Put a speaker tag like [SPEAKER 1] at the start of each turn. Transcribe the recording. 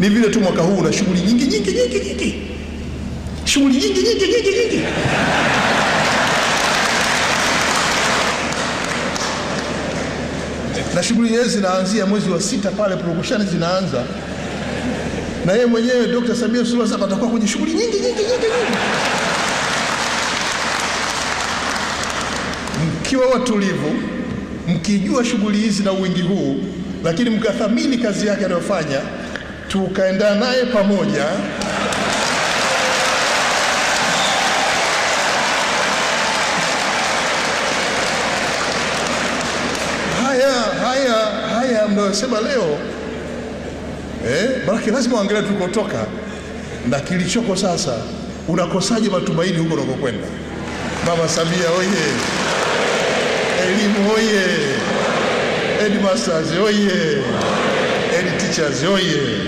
[SPEAKER 1] Ni vile tu mwaka huu na shughuli nyingi nyingi nyingi nyingi, shughuli nyingi nyingi nyingi nyingi. na shughuli hizi zinaanzia mwezi wa sita pale prokushani zinaanza, na yeye mwenyewe Dr. Samia Suluhu Hassan atakuwa kwenye shughuli nyingi nyingi nyingi nyingi. Mkiwa watulivu, mkijua shughuli hizi na wingi huu, lakini mkathamini kazi yake anayofanya tukaenda naye pamoja haya haya haya mnayosema leo eh, maanake lazima uangalia tulikotoka na kilichoko sasa. Unakosaje matumaini huko unakokwenda? Mama Samia oye! Elimu oye! Edmasters oye! Head oye!